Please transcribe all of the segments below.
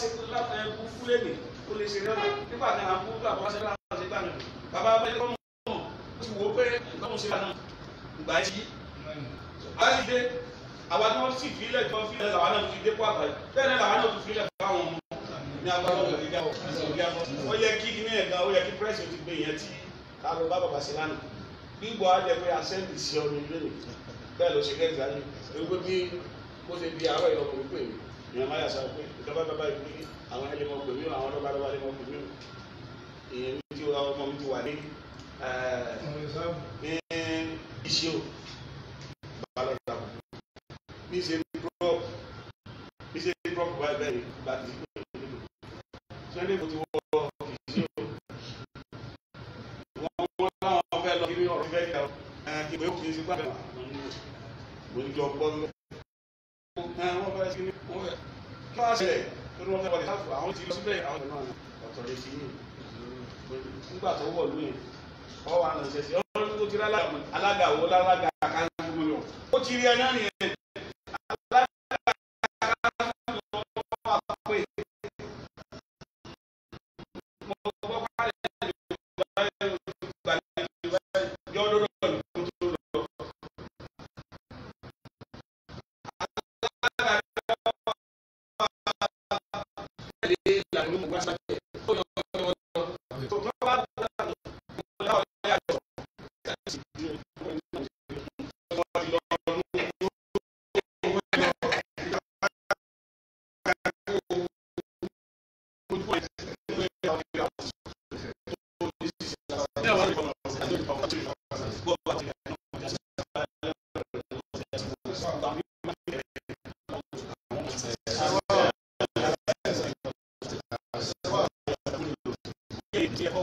se láti ẹ burúkú lẹ́nu ó lè ṣe náà nígbà tí a burúkú àbúrò ṣe láti ṣe gbà náà bàbá abẹ́lé kọ́mọ ó ti wò ó pé ìgbàmù ṣe gbà náà ìgbà yìí láti dé àwọn tí wọ́n sì fi ilẹ̀ jọ fi ilẹ̀ làwọn náà ti dé kó àgbà yìí bẹ́ẹ̀ náà làwọn náà ti fi ilẹ̀ fún àwọn ọmọ ní agbára ọ̀gá gíga ó yẹ kí ní ẹ̀gá ó yẹ kí pírẹ́sì ti gbé yẹn tí ká lọ bá bàbá sí lánàá gbígbọ́ á jẹ ìyẹn máa yà sọ pé ìjọba bàbá ìlú ní àwọn ẹlẹ mọ pèmí o àwọn ọlọ́ba lọ́ba lè mọ pèmí o ìyẹn mi ti ra ọmọ mi ti wà ní iṣẹ́ o eh, bàbá lọ́ba lọ́ba bí ṣe ń dúró bí ṣe ń dúró kó báyìí bẹ́ẹ̀ bá ti dúró nínú sẹ́ni mo ti wọ iṣẹ́ o wọ́n wọ́n láwọn fẹ́ lọ kí ni ọ̀rọ̀ fẹ́ kí ni ọ̀rọ̀ eh, kí ni ó fi ṣe gbàgbọ́ mo ní jọ gbọ́ lọ wọ́n fẹ́ sí ní wọ́n fẹ́ kí wọ́n á ṣẹlẹ̀ lórí wọn fẹ́ wọlé sáfù àwọn ti lọ síbẹ̀ àwọn ìlú ọ̀tọ̀ lè sí yìí nígbà tó wọ̀ lóyìn ọwọ́ àná ìṣẹ̀ṣẹ̀ ọ̀rọ̀ tó ti rí alága wo lálága kan ó ti rí ẹ náà nìyẹn Yeah.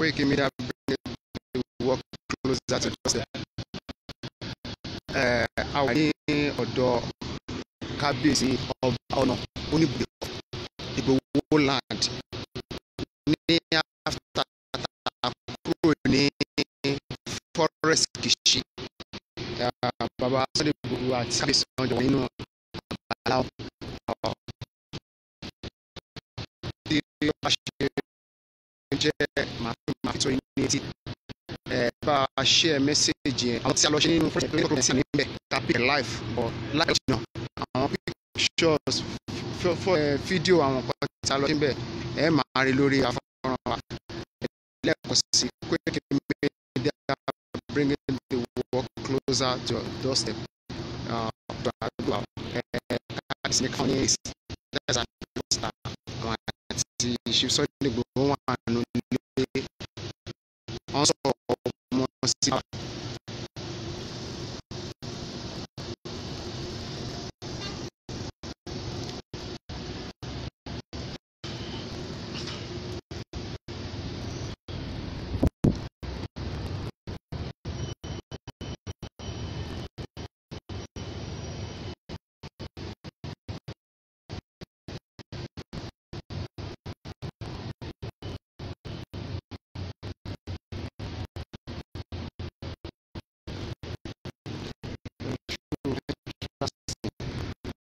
Quake Media bring the work closer to justice. a wà ní ọ̀dọ̀ kábíyèsí ọba ọ̀nà oníbùdó Ìgbòho land ní after kúrò ní forest Kìṣí eh, baba Sunday Igboho àti kábíyèsí ọ̀nà jọ nínú àbálá ọ̀ tí ó bá ṣe jẹ́ màá bá a share message yẹn àwọn tí a lọ ṣe nínú fúnṣẹ́ pé kòkòrò sí níbẹ̀ tàbí live bọ̀ láì jìnnà àwọn pictures fídíò eh, àwọn nǹkan tí a lọ ṣe níbẹ̀ ẹ máa rí lórí afọ́nrán wa lẹ́ẹ̀kan sí Koiki Media bringing the work closer to your doorstep ah, ọ̀dọ̀ àgbà ẹ̀ẹ́dẹ́gbẹ̀rún eh, eh, ní kàdísí ní kàdísí that's àti ìṣe Sunday Merci.